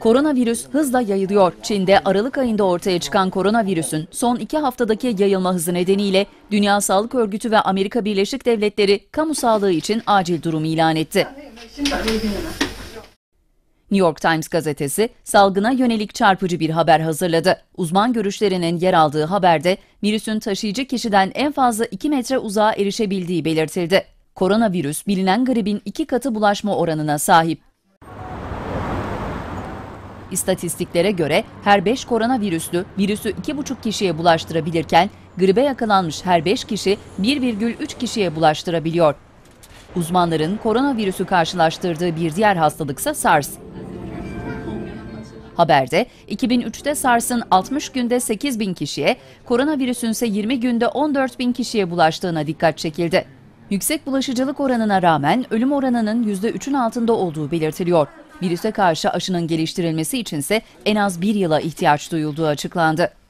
Koronavirüs hızla yayılıyor. Çin'de Aralık ayında ortaya çıkan koronavirüsün son iki haftadaki yayılma hızı nedeniyle Dünya Sağlık Örgütü ve Amerika Birleşik Devletleri kamu sağlığı için acil durum ilan etti. New York Times gazetesi salgına yönelik çarpıcı bir haber hazırladı. Uzman görüşlerinin yer aldığı haberde virüsün taşıyıcı kişiden en fazla 2 metre uzağa erişebildiği belirtildi. Koronavirüs bilinen gribin iki katı bulaşma oranına sahip. İstatistiklere göre her 5 koronavirüslü virüsü 2,5 kişiye bulaştırabilirken gribe yakalanmış her 5 kişi 1,3 kişiye bulaştırabiliyor. Uzmanların koronavirüsü karşılaştırdığı bir diğer hastalıksa SARS. Haberde 2003'te SARS'ın 60 günde 8 bin kişiye, koronavirüsün ise 20 günde 14 bin kişiye bulaştığına dikkat çekildi. Yüksek bulaşıcılık oranına rağmen ölüm oranının %3'ün altında olduğu belirtiliyor. Virüse karşı aşının geliştirilmesi içinse en az bir yıla ihtiyaç duyulduğu açıklandı.